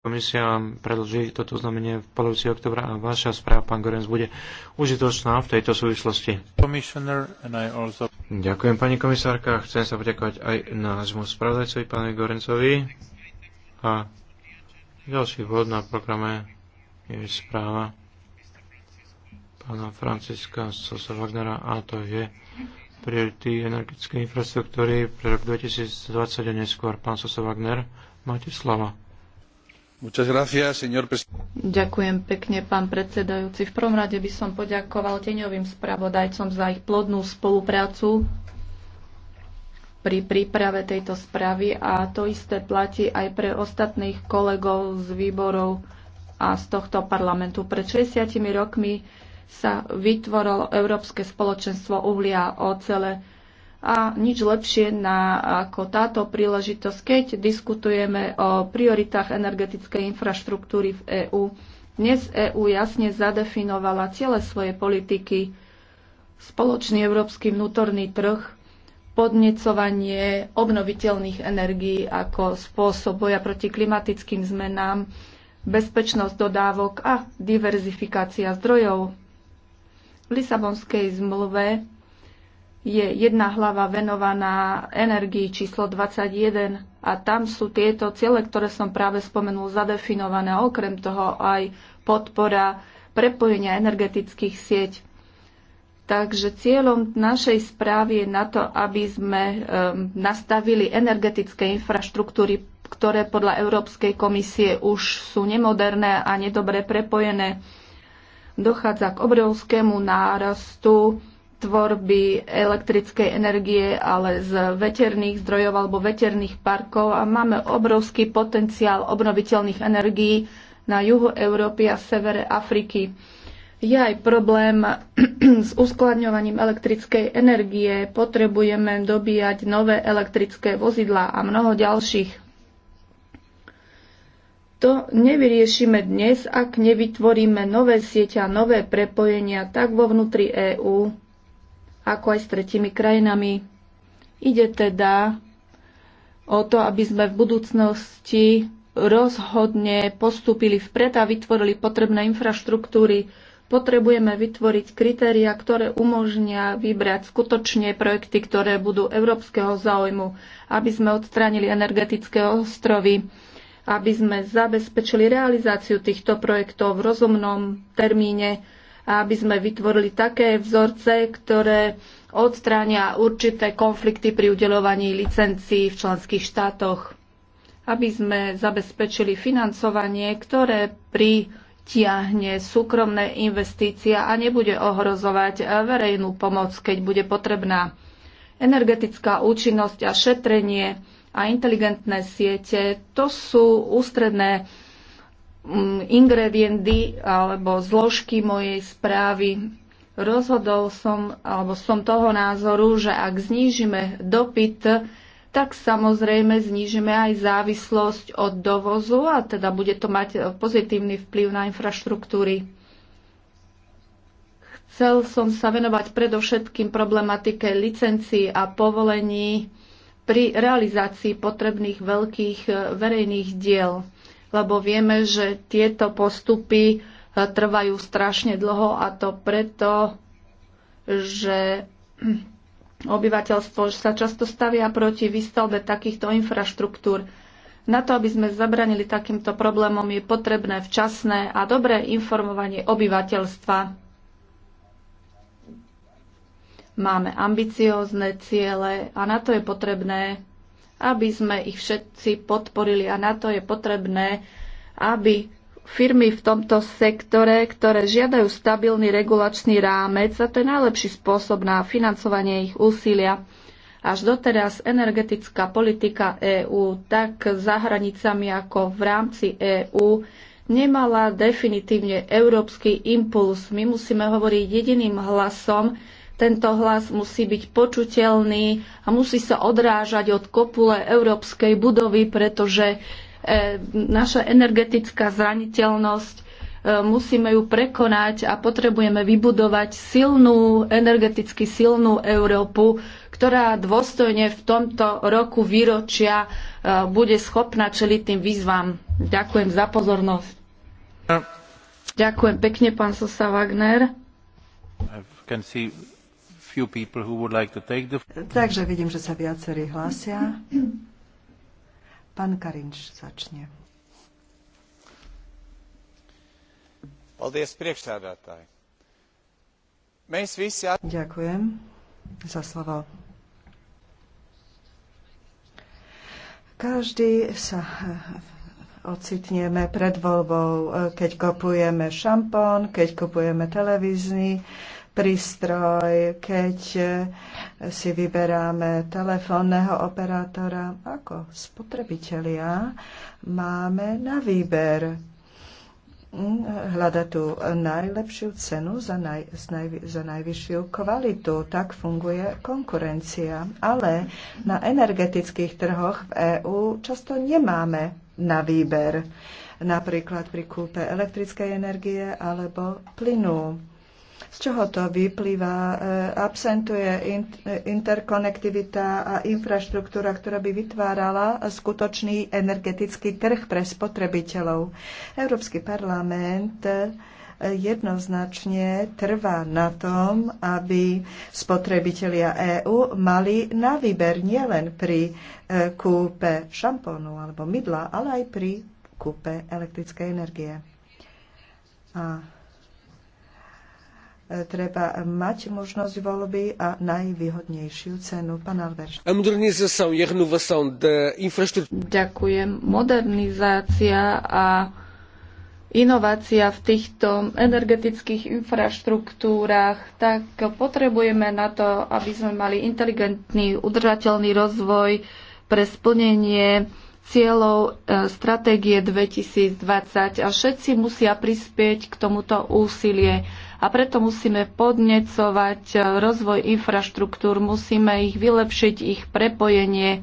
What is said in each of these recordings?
Komisia predlží toto znamenie v polovici oktobra a vaša správa, pán Gorenc, bude užitočná v tejto súvislosti. Also... Ďakujem, pani komisárka. Chcem sa poďakovať aj nášmu spravodajcovi, pánovi Gorencovi. A ďalší bod na programe je správa pána Franciska Sosa Wagnera a to je priority energetickej infraštruktúry pre rok 2020 a neskôr. Pán Sosa Wagner, máte slovo. Ďakujem pekne, pán predsedajúci. V prvom rade by som poďakoval teňovým spravodajcom za ich plodnú spoluprácu pri príprave tejto správy a to isté platí aj pre ostatných kolegov z výborov a z tohto parlamentu. Pred 60 rokmi sa vytvorilo Európske spoločenstvo uhlia a ocele a nič lepšie na, ako táto príležitosť, keď diskutujeme o prioritách energetickej infraštruktúry v EÚ. Dnes EÚ jasne zadefinovala ciele svojej politiky, spoločný európsky vnútorný trh, podnecovanie obnoviteľných energií ako spôsob boja proti klimatickým zmenám, bezpečnosť dodávok a diverzifikácia zdrojov. V Lisabonskej zmluve je jedna hlava venovaná energii číslo 21 a tam sú tieto ciele, ktoré som práve spomenul, zadefinované. Okrem toho aj podpora prepojenia energetických sieť. Takže cieľom našej správy je na to, aby sme um, nastavili energetické infraštruktúry, ktoré podľa Európskej komisie už sú nemoderné a nedobre prepojené. Dochádza k obrovskému nárastu tvorby elektrickej energie, ale z veterných zdrojov alebo veterných parkov a máme obrovský potenciál obnoviteľných energií na juhu Európy a severe Afriky. Je aj problém s uskladňovaním elektrickej energie. Potrebujeme dobíjať nové elektrické vozidlá a mnoho ďalších to nevyriešime dnes, ak nevytvoríme nové sieťa, nové prepojenia tak vo vnútri EÚ, ako aj s tretimi krajinami. Ide teda o to, aby sme v budúcnosti rozhodne postúpili vpred a vytvorili potrebné infraštruktúry. Potrebujeme vytvoriť kritéria, ktoré umožnia vybrať skutočne projekty, ktoré budú európskeho záujmu, aby sme odstránili energetické ostrovy, aby sme zabezpečili realizáciu týchto projektov v rozumnom termíne, aby sme vytvorili také vzorce, ktoré odstránia určité konflikty pri udelovaní licencií v členských štátoch, aby sme zabezpečili financovanie, ktoré pritiahne súkromné investícia a nebude ohrozovať verejnú pomoc, keď bude potrebná. Energetická účinnosť a šetrenie a inteligentné siete to sú ústredné ingrediendy alebo zložky mojej správy. Rozhodol som, alebo som toho názoru, že ak znížime dopyt, tak samozrejme znížime aj závislosť od dovozu a teda bude to mať pozitívny vplyv na infraštruktúry. Chcel som sa venovať predovšetkým problematike licencií a povolení pri realizácii potrebných veľkých eh, verejných diel lebo vieme, že tieto postupy e, trvajú strašne dlho a to preto, že obyvateľstvo sa často stavia proti výstavbe takýchto infraštruktúr. Na to, aby sme zabranili takýmto problémom, je potrebné včasné a dobré informovanie obyvateľstva. Máme ambiciózne ciele a na to je potrebné aby sme ich všetci podporili. A na to je potrebné, aby firmy v tomto sektore, ktoré žiadajú stabilný regulačný rámec, a to je najlepší spôsob na financovanie ich úsilia. Až doteraz energetická politika EÚ tak za hranicami ako v rámci EÚ nemala definitívne európsky impuls. My musíme hovoriť jediným hlasom, tento hlas musí byť počuteľný a musí sa odrážať od kopule európskej budovy, pretože e, naša energetická zraniteľnosť e, musíme ju prekonať a potrebujeme vybudovať silnú, energeticky silnú Európu, ktorá dôstojne v tomto roku výročia e, bude schopná čeliť tým výzvam. Ďakujem za pozornosť. Ďakujem pekne, pán Sosa Wagner. Like the... Takže vidím, že sa viacerí hlásia. Pán Karinč začne. Paldies, priekšsēdētāji. Mēs visi... Ďakujem za slovo. Každý sa eh, ocitneme pred voľbou, eh, keď kupujeme šampón, keď kupujeme televízny prístroj, keď e, si vyberáme telefónneho operátora, ako spotrebitelia máme na výber mm, hľadať tú najlepšiu cenu za, naj, za najvyššiu kvalitu. Tak funguje konkurencia. Ale na energetických trhoch v EÚ často nemáme na výber. Napríklad pri kúpe elektrickej energie alebo plynu z čoho to vyplýva? E, absentuje e, interkonektivita a infraštruktúra, ktorá by vytvárala skutočný energetický trh pre spotrebiteľov. Európsky parlament e, jednoznačne trvá na tom, aby spotrebitelia EÚ mali na výber nielen pri kúpe šampónu alebo mydla, ale aj pri kúpe elektrickej energie. A treba mať možnosť voľby a najvýhodnejšiu cenu. Pán Alberš. Eh, Ďakujem. Modernizácia a inovácia v týchto energetických infraštruktúrach, tak potrebujeme na to, aby sme mali inteligentný, udržateľný rozvoj pre splnenie cieľov e, stratégie 2020 a všetci musia prispieť k tomuto úsilie. A preto musíme podnecovať e, rozvoj infraštruktúr, musíme ich vylepšiť, ich prepojenie,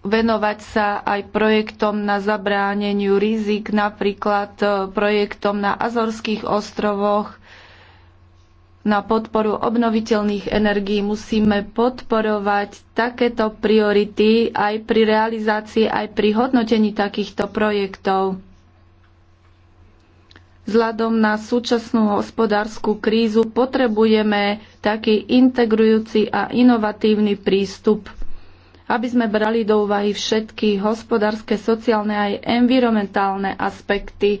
venovať sa aj projektom na zabráneniu rizik, napríklad e, projektom na Azorských ostrovoch, na podporu obnoviteľných energií musíme podporovať takéto priority aj pri realizácii, aj pri hodnotení takýchto projektov. Vzhľadom na súčasnú hospodárskú krízu potrebujeme taký integrujúci a inovatívny prístup, aby sme brali do úvahy všetky hospodárske, sociálne aj environmentálne aspekty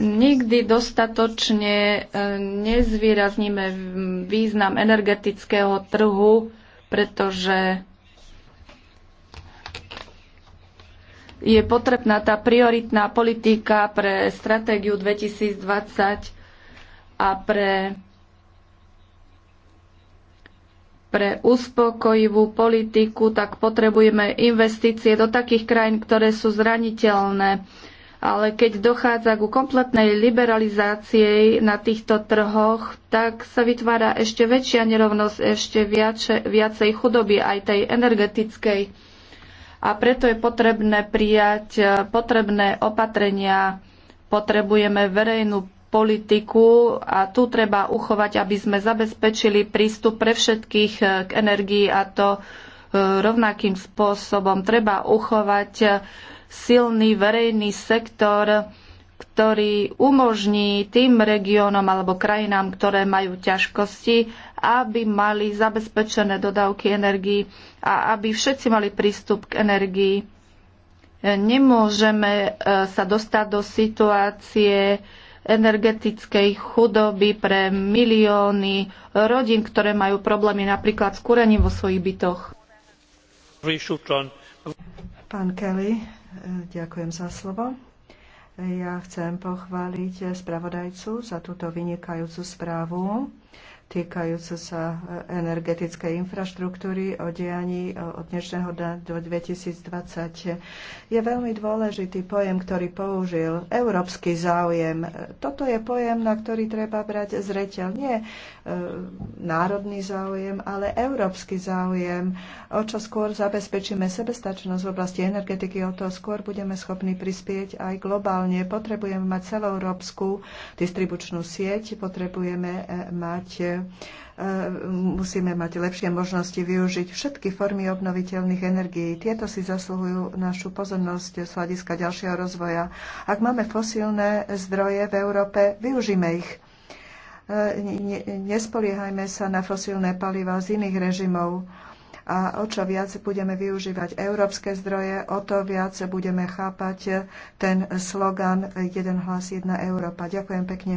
nikdy dostatočne e, nezvýrazníme význam energetického trhu, pretože je potrebná tá prioritná politika pre stratégiu 2020 a pre, pre uspokojivú politiku, tak potrebujeme investície do takých krajín, ktoré sú zraniteľné ale keď dochádza ku kompletnej liberalizácii na týchto trhoch, tak sa vytvára ešte väčšia nerovnosť, ešte viace, viacej chudoby, aj tej energetickej. A preto je potrebné prijať e, potrebné opatrenia. Potrebujeme verejnú politiku a tu treba uchovať, aby sme zabezpečili prístup pre všetkých e, k energii a to e, rovnakým spôsobom. Treba uchovať silný verejný sektor, ktorý umožní tým regiónom alebo krajinám, ktoré majú ťažkosti, aby mali zabezpečené dodávky energii a aby všetci mali prístup k energii. Nemôžeme e, sa dostať do situácie, energetickej chudoby pre milióny rodín, ktoré majú problémy napríklad s kúrením vo svojich bytoch. Pán Kelly, Ďakujem za slovo. Ja chcem pochváliť spravodajcu za túto vynikajúcu správu týkajúce sa e, energetickej infraštruktúry o dianí od dnešného dňa do 2020. Je veľmi dôležitý pojem, ktorý použil európsky záujem. E, toto je pojem, na ktorý treba brať zreteľ. Nie e, národný záujem, ale európsky záujem. O čo skôr zabezpečíme sebestačnosť v oblasti energetiky, o to skôr budeme schopní prispieť aj globálne. Potrebujeme mať celoeurópsku distribučnú sieť, potrebujeme e, mať E, musíme mať lepšie možnosti využiť všetky formy obnoviteľných energií. Tieto si zasluhujú našu pozornosť z hľadiska ďalšieho rozvoja. Ak máme fosílne zdroje v Európe, využíme ich. E, nespoliehajme sa na fosílne paliva z iných režimov a o čo viac budeme využívať európske zdroje, o to viac budeme chápať ten slogan Jeden hlas, jedna Európa. Ďakujem pekne.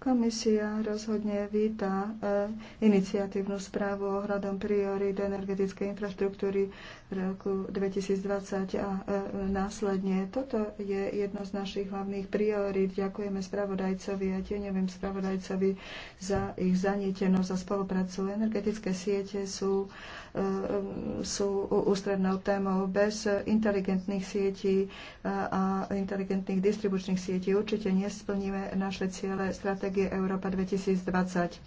Komisia rozhodne víta eh, iniciatívnu správu ohľadom priorít energetickej infraštruktúry v roku 2020 a eh, následne. Toto je jedno z našich hlavných priorít. Ďakujeme spravodajcovi a tieňovým spravodajcovi za ich zanietenosť a spoluprácu. Energetické siete sú, eh, sú ústrednou témou. Bez inteligentných sietí a inteligentných distribučných sietí určite nesplníme naše ciele strategie stratégie Európa 2020.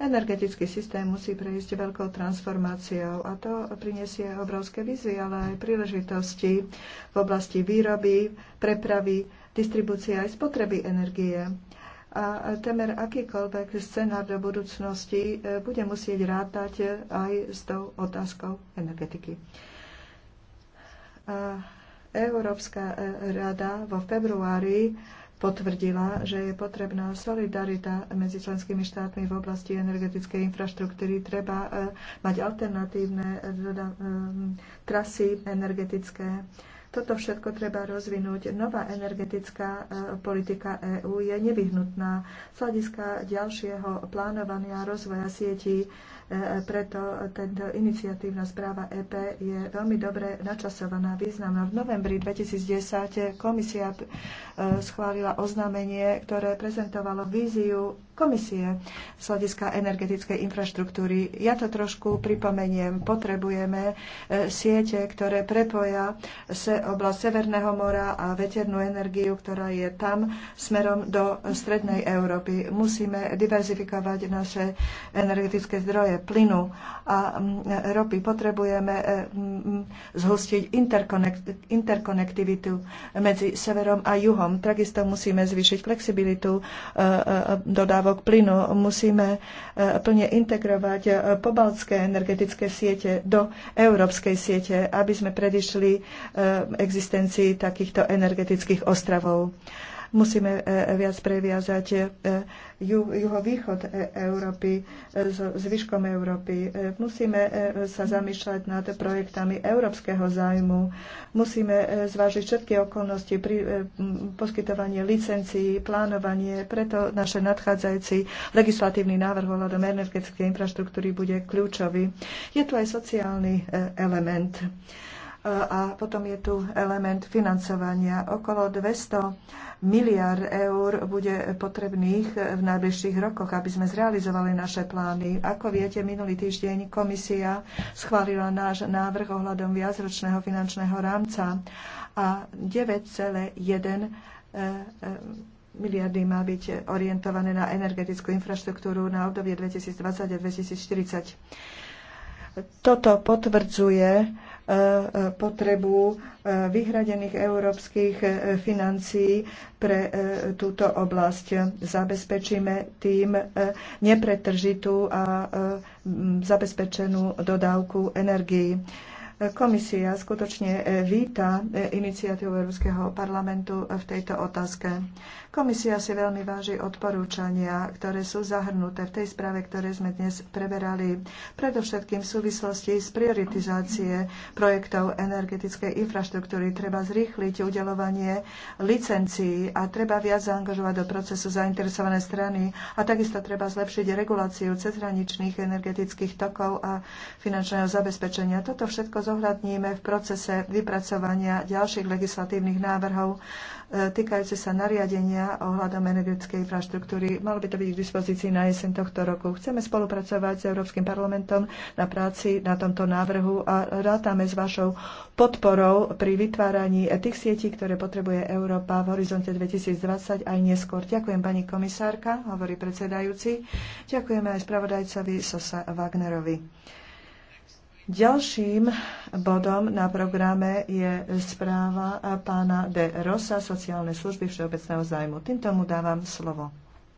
Energetický systém musí prejsť veľkou transformáciou a to prinesie obrovské výzvy, ale aj príležitosti v oblasti výroby, prepravy, distribúcie aj spotreby energie a temer akýkoľvek scenár do budúcnosti e, bude musieť rátať aj s tou otázkou energetiky. A Európska e, rada vo februári potvrdila, že je potrebná solidarita medzi členskými štátmi v oblasti energetickej infraštruktúry. Treba eh, mať alternatívne eh, teda, eh, trasy energetické toto všetko treba rozvinúť. Nová energetická e, politika EÚ je nevyhnutná z hľadiska ďalšieho plánovania rozvoja sietí. E, preto tento iniciatívna správa EP je veľmi dobre načasovaná, významná. V novembri 2010 komisia e, schválila oznámenie, ktoré prezentovalo víziu komisie z hľadiska energetickej infraštruktúry. Ja to trošku pripomeniem. Potrebujeme e, siete, ktoré prepoja se oblasť Severného mora a veternú energiu, ktorá je tam smerom do strednej Európy. Musíme diverzifikovať naše energetické zdroje plynu a ropy. Potrebujeme e, zhustiť interkonektivitu medzi severom a juhom. Takisto musíme zvýšiť flexibilitu e, dodávania dodávok plynu musíme e, plne integrovať e, pobaltské energetické siete do európskej siete, aby sme predišli e, existencii takýchto energetických ostravov. Musíme e, e, viac previazať e, juhovýchod Európy s zvyškom Európy. Musíme sa zamýšľať nad projektami európskeho zájmu. Musíme zvážiť všetky okolnosti pri poskytovanie licencií, plánovanie. Preto naše nadchádzajúci legislatívny návrh ohľadom energetickej infraštruktúry bude kľúčový. Je tu aj sociálny element. A potom je tu element financovania. Okolo 200 miliard eur bude potrebných v najbližších rokoch, aby sme zrealizovali naše plány. Ako viete, minulý týždeň komisia schválila náš návrh ohľadom viacročného finančného rámca a 9,1 e, e, miliardy má byť orientované na energetickú infraštruktúru na obdobie 2020 a 2040. Toto potvrdzuje potrebu e, vyhradených európskych e, financií pre e, túto oblasť. Zabezpečíme tým nepretržitú a zabezpečenú dodávku energii. Komisia skutočne e, víta e, iniciatívu Európskeho parlamentu e, v tejto otázke. Komisia si veľmi váži odporúčania, ktoré sú zahrnuté v tej správe, ktoré sme dnes preberali, predovšetkým v súvislosti s prioritizácie projektov energetickej infraštruktúry. Treba zrýchliť udelovanie licencií a treba viac zaangažovať do procesu zainteresované strany a takisto treba zlepšiť reguláciu cezhraničných energetických tokov a finančného zabezpečenia. Toto všetko zohľadníme v procese vypracovania ďalších legislatívnych návrhov e, týkajúce sa nariadenia ohľadom energetickej infraštruktúry. Malo by to byť k dispozícii na jeseň tohto roku. Chceme spolupracovať s Európskym parlamentom na práci na tomto návrhu a rátame s vašou podporou pri vytváraní tých sietí, ktoré potrebuje Európa v horizonte 2020 aj neskôr. Ďakujem pani komisárka, hovorí predsedajúci. Ďakujeme aj spravodajcovi Sosa Wagnerovi. Ďalším bodom na programe je správa pána De Rosa, sociálne služby všeobecného zájmu. Týmto mu dávam slovo.